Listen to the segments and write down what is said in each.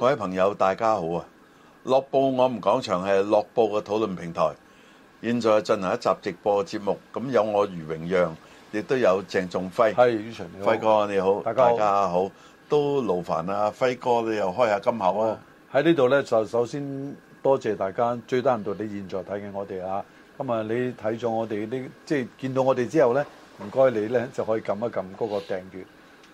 各位朋友，大家好啊！樂報我們講場係樂報嘅討論平台，現在進行一集直播的節目。咁有我余榮讓，亦都有鄭仲輝。係輝哥你好，大家好，都勞煩啊。輝哥你又開下金口啊！喺呢度呢，就首先多謝大家，最得閒到你現在睇緊我哋啊。咁啊，你睇咗我哋啲，即係見到我哋之後呢，唔該你呢，就可以撳一撳嗰個訂閱，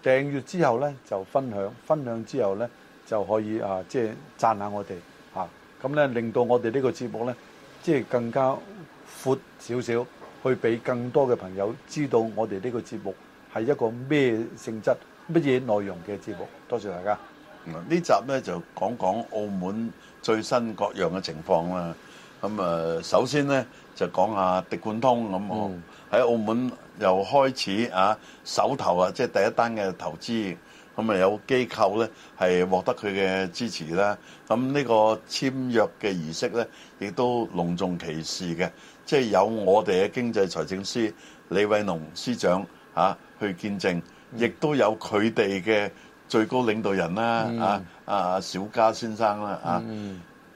訂閱之後呢，就分享，分享之後呢，就可以啊，即係讚下我哋吓，咁咧令到我哋呢個節目咧，即係更加闊少少，去俾更多嘅朋友知道我哋呢個節目係一個咩性質乜嘢內容嘅節目。多謝大家、嗯。集呢集咧就講講澳門最新各樣嘅情況啦。咁啊，首先咧就講下迪冠通咁喺、嗯、澳門又開始啊，首投啊，即、就、係、是、第一單嘅投資。咁啊，有機構咧係獲得佢嘅支持啦，咁呢個簽約嘅儀式咧亦都隆重其事嘅，即係有我哋嘅經濟財政司李偉農司長啊去見證，亦、嗯、都有佢哋嘅最高領導人啦、嗯、啊啊小嘉先生啦啊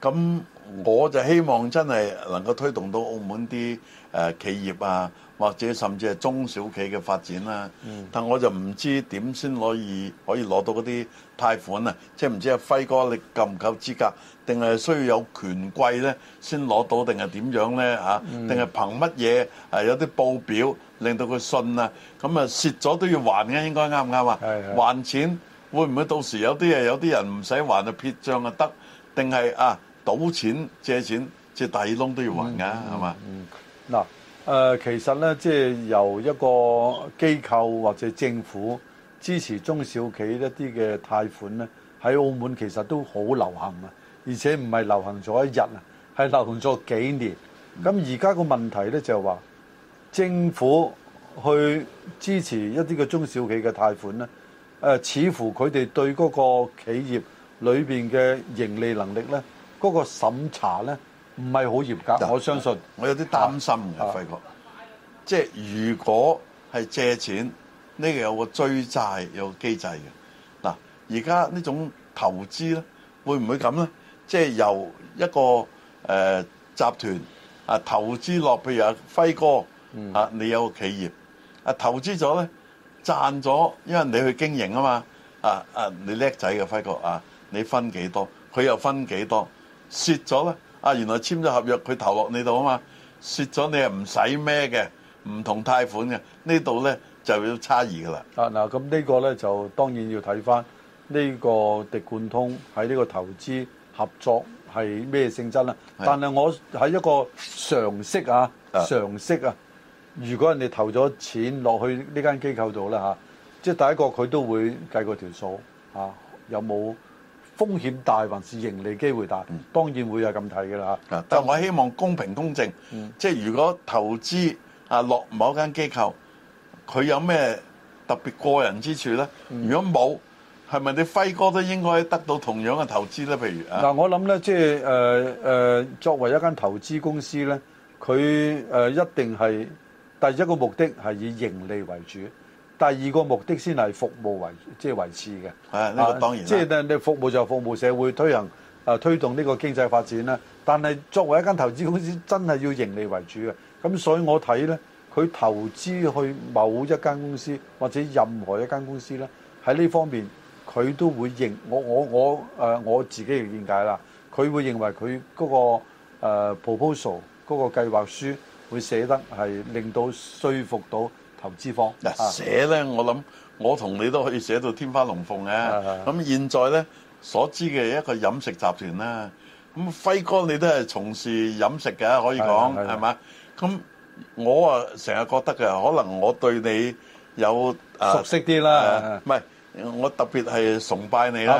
咁。我就希望真係能夠推動到澳門啲、呃、企業啊，或者甚至係中小企嘅發展啦、啊。嗯、但我就唔知點先可以可以攞到嗰啲貸款啊，即係唔知阿輝哥你夠唔夠資格，定係需要有權貴咧先攞到，定係點樣咧嚇？定係憑乜嘢、啊、有啲報表令到佢信啊？咁啊，蝕咗都要還嘅，應該啱唔啱啊？對對是的 還錢會唔會到時有啲嘢有啲人唔使還就撇帳啊得？定係啊？賭錢借錢借大窿都要還㗎，係嘛、嗯？嗱、嗯，誒、嗯、其實呢，即係由一個機構或者政府支持中小企一啲嘅貸款呢，喺澳門其實都好流行啊，而且唔係流行咗一日啊，係流行咗幾年。咁而家個問題呢，就係話，政府去支持一啲嘅中小企嘅貸款呢，誒、呃、似乎佢哋對嗰個企業裏邊嘅盈利能力呢。嗰個審查咧唔係好嚴格，的我相信我有啲擔心嘅。的輝哥，即係如果係借錢，呢個有個追債有個機制嘅。嗱，而家呢種投資咧，會唔會咁咧？即係由一個誒集團啊投資落，譬如阿輝哥啊，你有個企業啊投資咗咧賺咗，因為你去經營啊嘛啊啊你叻仔嘅輝哥啊，你分幾多，佢又分幾多？蝕咗咧，啊原來簽咗合約，佢投落你度啊嘛，蝕咗你係唔使咩嘅，唔同貸款嘅，這呢度咧就有差異噶啦。啊嗱，咁呢個咧就當然要睇翻呢個滴貫通喺呢個投資合作係咩性質啦。是啊、但係我喺一個常識啊，啊常識啊，如果人哋投咗錢落去呢間機構度啦嚇，即、啊、係、就是、第一個佢都會計個條數嚇、啊，有冇？風險大還是盈利機會大？當然會有咁睇嘅啦。嗯、就但我希望公平公正。嗯、即係如果投資啊落某間機構，佢有咩特別過人之處呢？嗯、如果冇，係咪你輝哥都應該得到同樣嘅投資呢？譬如啊，嗱、嗯，我諗呢，即係、呃呃、作為一間投資公司呢，佢、呃、一定係第一個目的係以盈利為主。第二個目的先係服務為，即係維持嘅。啊，呢、呢個、然即係、啊就係、你服務就係服務社會推、啊，推行推動呢個經濟發展啦。但係作為一間投資公司，真係要盈利為主嘅。咁所以我睇呢，佢投資去某一間公司或者任何一間公司呢，喺呢方面佢都會認我我我、呃、我自己嘅見解啦。佢會認為佢嗰、嗰個、呃、proposal 嗰個計劃書會寫得係令到說服到。投資方嗱寫咧，我諗我同你都可以寫到天花龍鳳嘅。咁現在咧所知嘅一個飲食集團啦，咁輝哥你都係從事飲食嘅，可以講係咪？咁我啊成日覺得嘅，可能我對你有熟悉啲啦。唔係，我特別係崇拜你啦。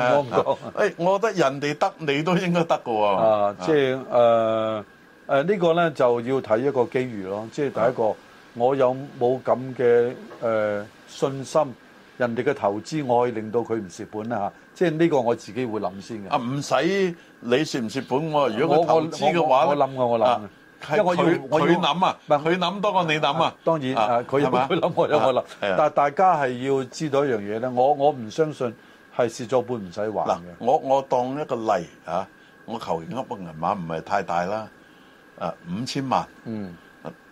誒，我覺得人哋得，你都應該得㗎喎。啊，即係誒呢個咧，就要睇一個機遇咯。即係第一個。我有冇咁嘅誒信心？人哋嘅投資我可以令到佢唔蝕本咧，即係呢個我自己會諗先嘅。啊，唔使你蝕唔蝕本我、啊、如果投的我投資嘅話咧，我諗我諗啊，係佢佢諗啊，佢諗是多過你諗啊，啊。當然啊，佢諗佢諗，我諗我吧但大家係要知道一樣嘢咧，我我唔相信係蝕咗本唔使還、啊、我我當一個例啊，我求其一筆銀碼唔係太大啦，誒、啊、五千萬。嗯。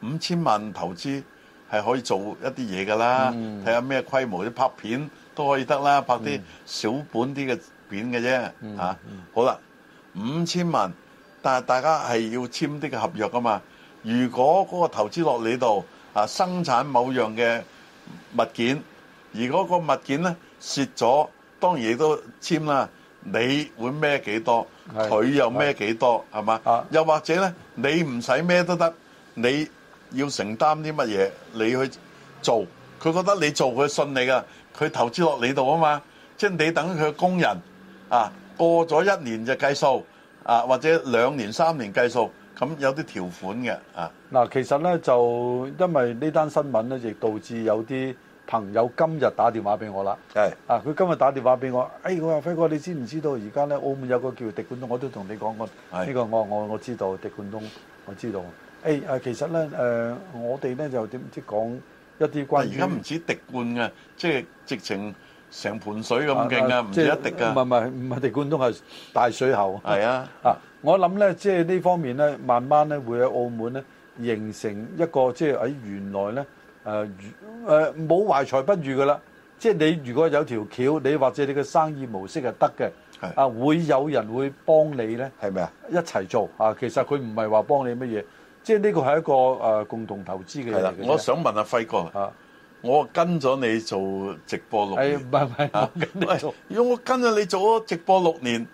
五千萬投資係可以做一啲嘢噶啦，睇、嗯、下咩規模，啲拍片都可以得啦，拍啲小本啲嘅片嘅啫，吓、嗯嗯啊，好啦，五千萬，但係大家係要簽啲嘅合約噶嘛。如果嗰個投資落你度，啊，生產某樣嘅物件，而嗰個物件咧蝕咗，當然亦都簽啦，你會孭幾多，佢的又孭幾多，係嘛？又或者咧，你唔使孭都得。你要承擔啲乜嘢？你去做，佢覺得你做佢信你噶，佢投資落你度啊嘛。即係你等佢工人啊，過咗一年就計數啊，或者兩年三年計數，咁有啲條款嘅啊。嗱，其實咧就因為呢單新聞咧，亦導致有啲朋友今日打電話俾我啦。係啊，佢今日打電話俾我，哎，我話輝哥，你知唔知道而家咧澳門有個叫迪冠東，我都同你講過。呢個我我我知道迪冠東，我知道。誒誒，其實咧，誒我哋咧就點即講一啲關。而家唔止滴灌嘅，即係直情成盤水咁勁嘅，唔止一滴嘅。唔係唔係，唔係滴灌都係大水喉。係啊，啊，我諗咧，即係呢方面咧，慢慢咧會喺澳門咧形成一個即係喺原來咧誒誒冇懷才不遇嘅啦。即係你如果有條橋，你或者你嘅生意模式係得嘅，係啊，會有人會幫你咧，係咪啊？一齊做啊！其實佢唔係話幫你乜嘢。即係呢個係一個誒共同投資嘅嘢。係啦，我想問阿輝哥，我跟咗你做直播六年，唔係唔係，我跟你做。如果我跟咗你做咗直播六年，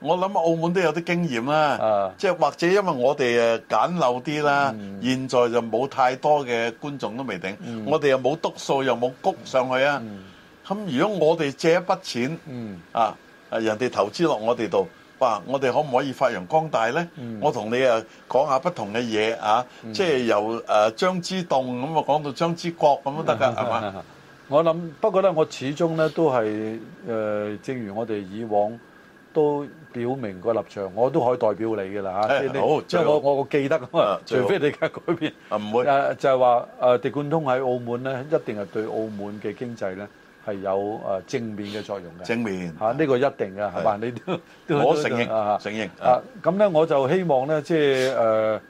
我諗澳門都有啲經驗啦。即係或者因為我哋誒簡陋啲啦，現在就冇太多嘅觀眾都未定，我哋又冇督數又冇谷上去啊。咁如果我哋借一筆錢，啊，人哋投資落我哋度。我哋可唔可以發揚光大呢？嗯、我同你啊講下不同嘅嘢啊，即係由誒張之洞咁啊講到張之國、嗯、吧覺咁都得噶，係嘛？我諗不過呢，我始終呢都係誒，正如我哋以往都表明個立場，我都可以代表你噶啦嚇。好，即係，我我記得啊，除非你嘅改變唔會就係話誒地產通喺澳門呢，一定係對澳門嘅經濟呢。係有誒正面嘅作用嘅，正面嚇呢個一定嘅，係嘛？你都我承認，承認啊。咁咧，我就希望咧，即係誒，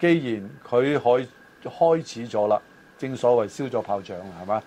既然佢開開始咗啦，正所謂燒咗炮仗啦，係嘛？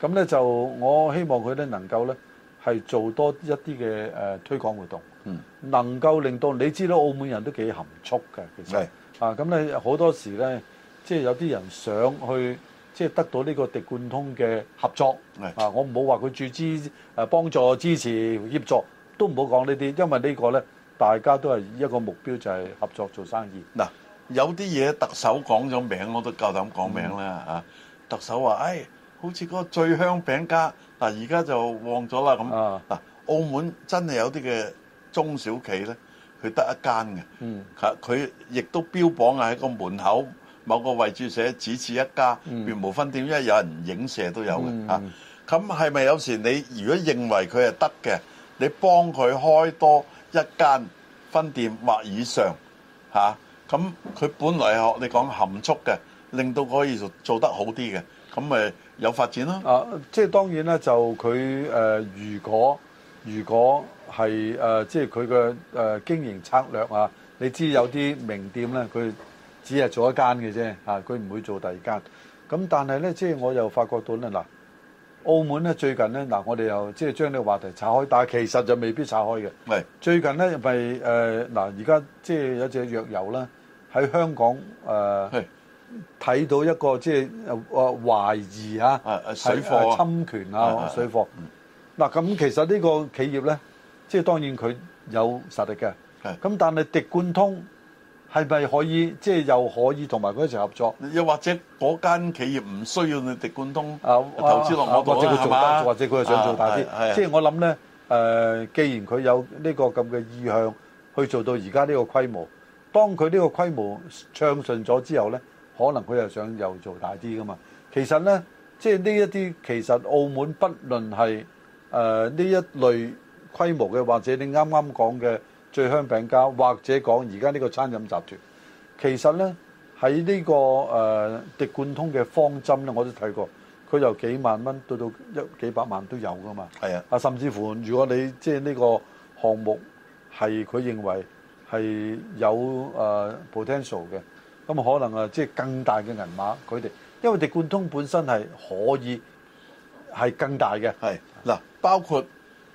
咁咧就我希望佢咧能夠咧係做多一啲嘅誒推廣活動，嗯，能夠令到你知道，澳門人都幾含蓄嘅，其實係啊。咁咧好多時咧，即係有啲人想去。即係得到呢個迪貫通嘅合作，啊，我唔好話佢注資、誒幫助、支持、協助，都唔好講呢啲，因為這個呢個咧，大家都係一個目標，就係合作做生意。嗱，有啲嘢特首講咗名，我都夠膽講名啦嚇。嗯、特首話，誒、哎，好似嗰個醉香餅家，嗱，而家就旺咗啦咁。嗱，啊、澳門真係有啲嘅中小企呢，佢得一間嘅，佢亦、嗯、都標榜喺一個門口。某個位置寫只此一家，並無分店，因為有人影射都有嘅嚇。咁係咪有時你如果認為佢係得嘅，你幫佢開多一間分店或以上嚇？咁佢本嚟學你講含蓄嘅，令到可以做做得好啲嘅，咁咪有發展咯。啊，即係當然咧，就佢誒，如果如果係誒，即係佢嘅誒經營策略啊，你知有啲名店咧，佢。只係做一間嘅啫，啊，佢唔會做第二間。咁但係咧，即係我又發覺到咧，嗱，澳門咧最近咧，嗱，我哋又即係將呢個話題拆開，但係其實就未必拆開嘅。係最近咧，咪誒嗱，而家即係有隻藥油啦，喺香港誒睇到一個即係誒懷疑啊，水貨侵權啊，水貨。嗱，咁其實呢個企業咧，即係當然佢有實力嘅。係咁，但係迪貫通。係咪可以即係又可以同埋佢一齊合作？又或者嗰間企業唔需要你迪貫通投資落我度咧？係嘛？或者佢想做大啲？即係我諗咧誒，既然佢有呢個咁嘅意向，去做到而家呢個規模。當佢呢個規模暢順咗之後咧，可能佢又想又做大啲噶嘛？其實咧，即係呢一啲其實澳門不論係誒呢一類規模嘅，或者你啱啱講嘅。最香餅家或者講而家呢個餐飲集團，其實呢，喺呢、這個誒、呃、迪貫通嘅方針呢，我都睇過，佢由幾萬蚊到到一幾百萬都有㗎嘛。係啊，啊甚至乎如果你即係呢個項目係佢認為係有誒、呃、potential 嘅，咁可能啊即係更大嘅銀碼佢哋，因為迪貫通本身係可以係更大嘅。係嗱，包括誒。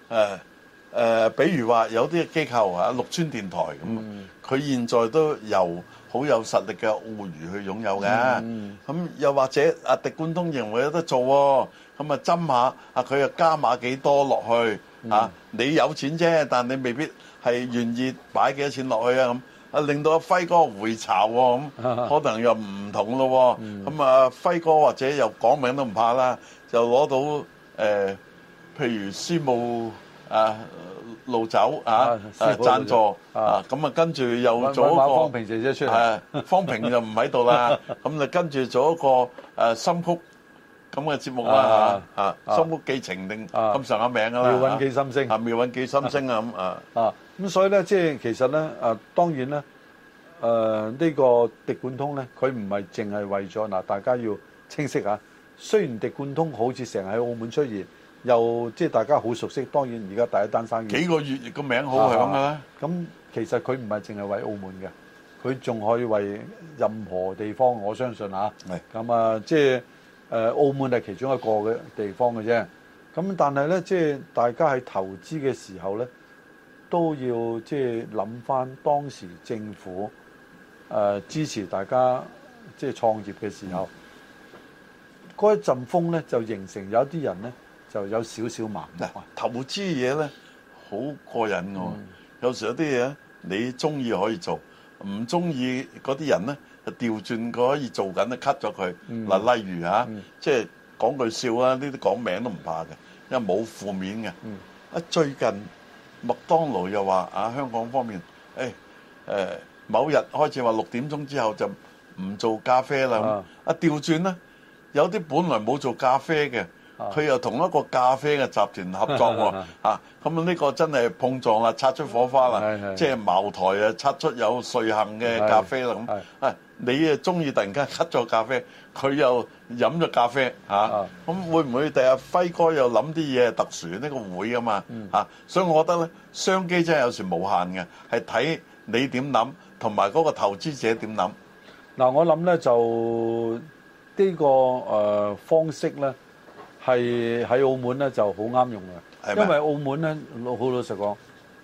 呃誒、呃，比如話有啲機構啊，綠村電台咁，佢、mm hmm. 現在都由好有實力嘅澳娛去擁有嘅。咁、mm hmm. 啊、又或者啊，迪冠通營會有得做喎。咁啊，斟下，下啊，佢又加碼幾多落去啊？Hmm. 你有錢啫，但你未必係願意擺幾多錢落去啊咁。啊，令到阿輝哥回巢咁、啊，可能又唔同咯。咁啊，輝哥或者又講名都唔怕啦，就攞到誒、呃，譬如私募。啊，路走啊，誒贊助啊，咁啊，跟住又做一個方平姐姐出嚟。方平就唔喺度啦，咁你跟住做一個誒心曲咁嘅節目啦嚇，啊，心曲寄情定咁上下名噶啦，妙韻寄心聲，啊，妙韻寄心聲咁啊啊，咁所以咧，即係其實咧啊，當然咧誒呢個滴灌通咧，佢唔係淨係為咗嗱，大家要清晰嚇，雖然滴灌通好似成日喺澳門出現。又即係大家好熟悉，當然而家第一單生意幾個月個名好響㗎。咁其實佢唔係淨係為澳門嘅，佢仲可以為任何地方。我相信吓、啊、咁是啊，即係誒、呃、澳門係其中一個嘅地方嘅啫。咁、嗯、但係呢，即係大家喺投資嘅時候呢，都要即係諗翻當時政府誒、呃、支持大家即係創業嘅時候嗰、嗯、一陣風呢，就形成有一啲人呢。就有少少慢嘅投資嘢咧好過癮嘅、啊，嗯、有時候有啲嘢你中意可以做，唔中意嗰啲人咧就調轉佢可以做緊咧 cut 咗佢嗱，嗯、例如啊，嗯、即係講句笑啦、啊，呢啲講名都唔怕嘅，因為冇負面嘅。啊，嗯、最近麥當勞又話啊，香港方面，誒、欸、誒、呃、某日開始話六點鐘之後就唔做咖啡啦，啊，啊，調轉啦，有啲本來冇做咖啡嘅。佢又同一個咖啡嘅集團合作喎、哦 啊，咁呢個真係碰撞啦，擦出火花啦，是是是，即係茅台啊，擦出有瑞幸嘅咖啡啦咁。是是是啊，你啊中意突然間咳咗咖啡，佢又飲咗咖啡，咁會唔會第日輝哥又諗啲嘢特殊呢、呢個會啊嘛？嚇、啊，所以我覺得咧，商機真係有時無限嘅，係睇你點諗同埋嗰個投資者點諗。嗱、啊，我諗咧就呢、呢個、呃、方式咧，係喺澳門咧就好啱用嘅，嗎因為澳門咧老好老實講，誒、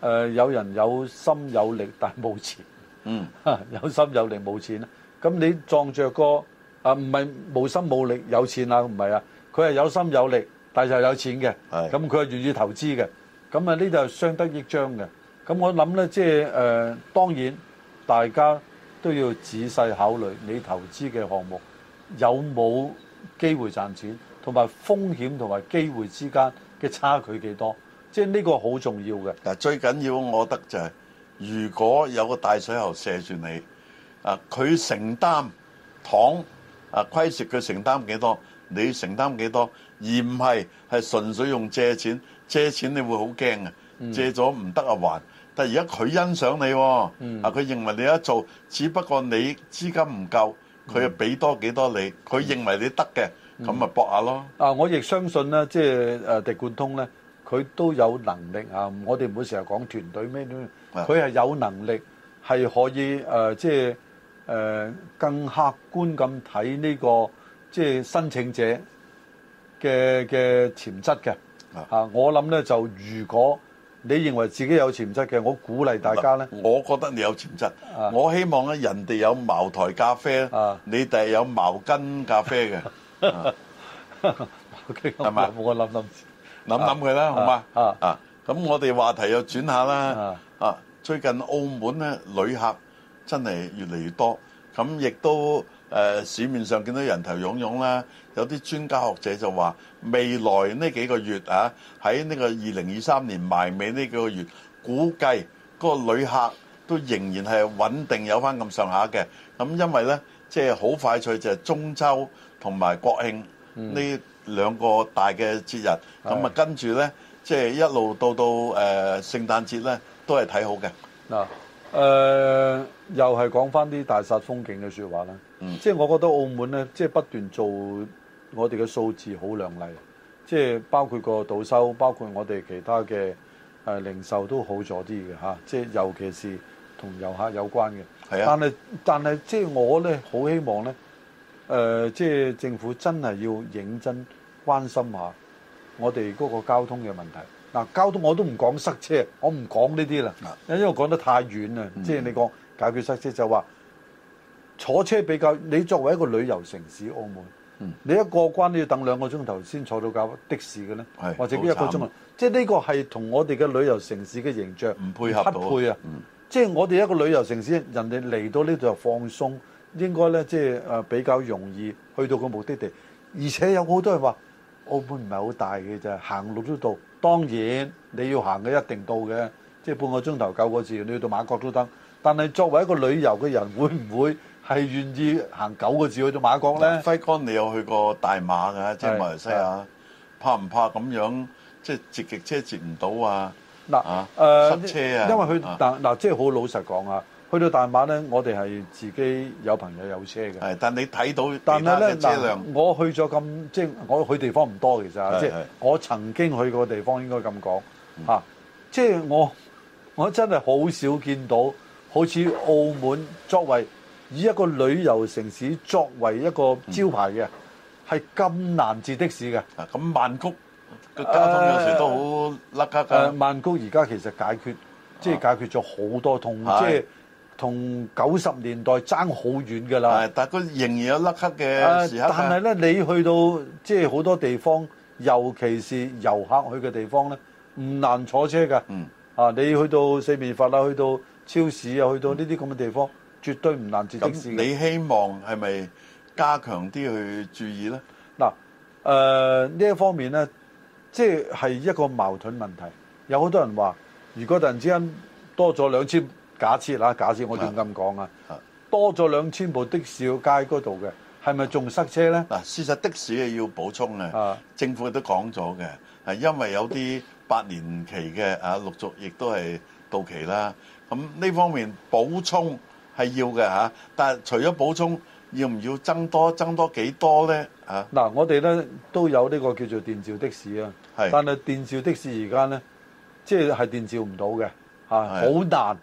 呃、有人有心有力，但係冇錢。嗯，有心有力冇錢。咁你撞着個啊，唔係冇心冇力有錢啊，唔係啊，佢係有心有力，但係又有錢嘅。咁是，佢係願意投資嘅。咁啊，呢度係相得益彰嘅。咁我諗咧，即係誒，當然大家都要仔細考慮你投資嘅項目有冇機會賺錢。同埋風險同埋機會之間嘅差距幾多？即係呢個好重要嘅。嗱，最緊要我覺得就係、是，如果有個大水喉射住你，啊，佢承擔，糖，啊虧蝕佢承擔幾多，你承擔幾多，而唔係係純粹用借錢，借錢你會好驚、嗯嗯、借咗唔得啊還。但而家佢欣賞你、哦，啊，佢認為你一做，只不過你資金唔夠，佢又俾多幾多你，佢認為你得嘅。嗯嗯。咁咪搏下咯！啊，我亦相信咧，即、就、係、是、迪地貫通咧，佢都有能力啊！我哋唔會成日講團隊咩，佢係有能力係可以誒，即係誒更客觀咁睇呢個即係、就是、申請者嘅嘅潛質。嘅的我諗咧，就如果你認為自己有潛質嘅，我鼓勵大家咧，我覺得你有潛質，的我希望咧，人哋有茅台咖啡，的你第有茅根咖啡嘅。 係咪？冇 Okay, 吧我諗諗諗諗佢啦，想想啊、好嘛吧？啊咁，啊我哋話題又轉下啦。啊，啊，最近澳門咧，旅客真係越嚟越多，咁亦都誒、呃，市面上見到人頭涌湧啦。有啲專家學者就話，未來呢幾個月啊，喺呢個二零二三年埋尾呢幾個月，估計嗰個旅客都仍然係穩定有返咁上下嘅。咁因為咧，即係好快脆就係中秋。同埋國慶呢兩個大嘅節日、嗯，咁啊跟住呢，即、就、係、是、一路到到誒、呃、聖誕節呢，都係睇好嘅、呃。嗱、呃，誒又係講翻啲大殺風景嘅説話啦。嗯、即係我覺得澳門呢，即係不斷做我哋嘅數字好亮麗，即係包括個賭收，包括我哋其他嘅誒、呃、零售都好咗啲嘅嚇。即係尤其是同遊客有關嘅、啊。但係但係，即係我呢，好希望呢。誒、呃，即係政府真係要認真關心下我哋嗰個交通嘅問題。嗱、啊，交通我都唔講塞車，我唔講呢啲啦，的因為我講得太遠啦。即係你講解決塞車就話坐車比較，你作為一個旅遊城市，澳門，嗯、你一過關都要等兩個鐘頭先坐到架的士嘅呢，的或者一個鐘頭。慘即係呢個係同我哋嘅旅遊城市嘅形象唔配合到啊！嗯、即係我哋一個旅遊城市，人哋嚟到呢度就放鬆。應該咧，即係誒比較容易去到個目的地，而且有好多人話澳門唔係好大嘅啫，行路都到。當然你要行嘅一定到嘅，即係半個鐘頭九個字，你去到馬國都得。但係作為一個旅遊嘅人，會唔會係願意行九個字去到馬國咧？輝哥，你有去過大馬㗎？即係馬來西亞，係嘅。怕唔怕咁樣即係直極車截唔到啊？嗱啊？塞車啊，因為佢嗱嗱，即係好老實講啊！去到大阪咧，我哋係自己有朋友有車嘅。但你睇到其他嘅車輛。但係咧，我去咗咁，即係我去地方唔多，其實，即係是是 我曾經去過地方應該，應該咁講吓即係我，我真係好少見到，好似澳門作為以一個旅遊城市作為一個招牌嘅，係咁、嗯、難截的士嘅。咁、嗯嗯、曼谷交通有時都好甩卡。㗎、呃呃。曼谷而家其實解決，即係、啊、解決咗好多痛，即係。同九十年代爭好遠㗎啦！但係佢仍然有甩黑嘅時候，但係咧，你去到即係好多地方，尤其是遊客去嘅地方咧，唔難坐車㗎。嗯。啊，你去到四面佛啊，去到超市啊，去到呢啲咁嘅地方，絕對唔難坐的士。你希望係咪加強啲去注意咧？嗱、呃，誒呢一方面咧，即係係一個矛盾問題。有好多人話，如果突然之間多咗兩千。假設啦、啊，假設我點咁講啊，多咗兩千部的士喺街嗰度嘅，係咪仲塞車咧？嗱，事實的士係要補充嘅，政府都講咗嘅，係因為有啲八年期嘅啊，陸續亦都係到期啦。咁呢方面補充係要嘅嚇，但係除咗補充，要唔要增多？增多幾多咧？嚇嗱、啊，我哋咧都有呢個叫做電召的士啊，但係電召的士而家咧，即係係電召唔到嘅嚇，好係難。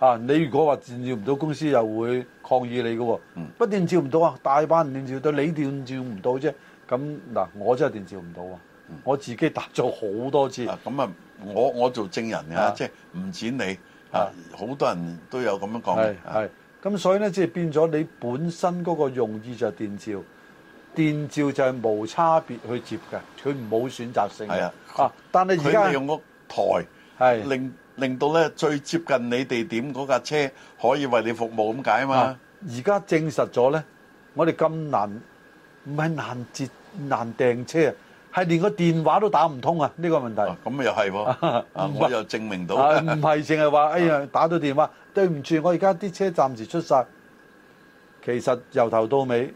啊！你如果話電照唔到公司又會抗議你嘅喎，不電照唔到啊！大班人電照到，你電照唔到啫。咁嗱，我真係電照唔到啊。我自己搭咗好多次。咁啊，我我做證人啊，啊，即係唔剪你好、啊啊、好多人都有咁樣講。係咁、啊啊啊、所以咧，即係變咗你本身嗰個用意就電照，電照就係冇差別去接嘅，佢唔冇選擇性。係啊。啊！但係而家佢用個台，係令。令到咧最接近你地點嗰架車可以為你服務咁解啊嘛！而家證實咗咧，我哋咁難唔係難接難訂車啊，係連個電話都打唔通啊！呢個問題咁又係喎，我又證明到，唔係淨係話哎呀打到電話，對唔住，我而家啲車暫時出曬。其實由頭到尾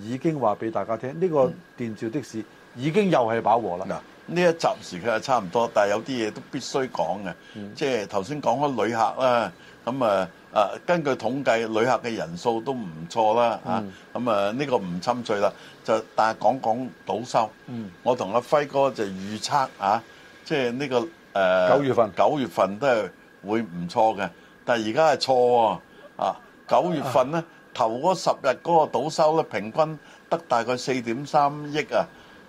已經話俾大家聽，呢個電召的士已經又係飽和啦。呢一集時間差唔多，但有啲嘢都必須講嘅，即係頭先講嗰旅客啦，咁啊啊根據統計，旅客嘅人數都唔錯啦，咁啊呢、嗯啊呢個唔侵罪啦，就但係講講賭收，嗯、我同阿輝哥就預測啊，即係呢個誒九、呃、月份九月份都係會唔錯嘅，但係而家係錯喎，啊九月份咧、啊、頭嗰十日嗰個賭收咧平均得大概四點三億啊，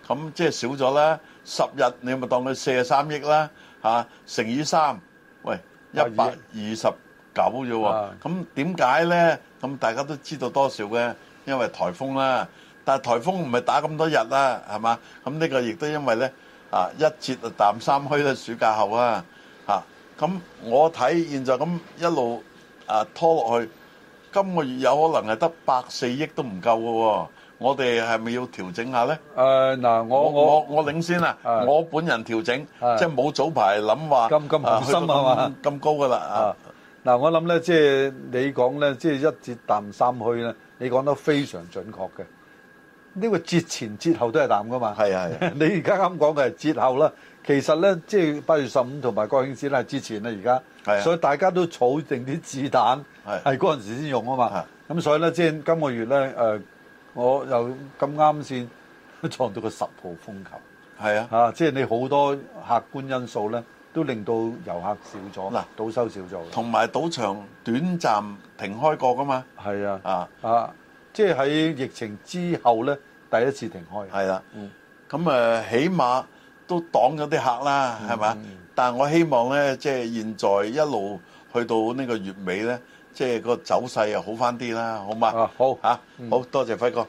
咁即係少咗咧。十日你咪當佢四十三億啦嚇，乘以三，喂一百二十九啫喎。咁點解呢？咁大家都知道多少嘅，因為颱風啦。但係颱風唔係打咁多日啦，係嘛？咁呢個亦都因為呢啊一節就淡三虛啦，暑假後啊嚇。咁我睇現在咁一路啊拖落去，今個月有可能係得百四億都唔夠嘅喎。我哋係咪要調整下咧？誒嗱，我我我領先啦，我本人調整，即係冇早排諗話咁咁好心係嘛咁高噶啦啊！嗱，我諗咧，即係你講咧，即係一節淡三去咧，你講得非常準確嘅。呢個節前節後都係淡噶嘛。係係。你而家啱講嘅係節後啦，其實咧即係八月十五同埋國慶節呢係節前啦，而家。係啊。所以大家都儲定啲子彈，係嗰陣時先用啊嘛。咁所以咧，即係今個月咧誒我又咁啱先撞到個十號風球，係是啊，啊，即係你好多客觀因素咧，都令到遊客少咗。嗱，賭收少咗，同埋賭場短暫停開過噶嘛，係是啊，啊啊！即係喺疫情之後咧，第一次停開，係啦，咁誒，起碼都擋咗啲客啦，係咪？嗯、但係我希望咧，即係現在一路去到呢個月尾咧。即係個走勢又好返啲啦，好嘛？啊好嚇，好多謝輝哥。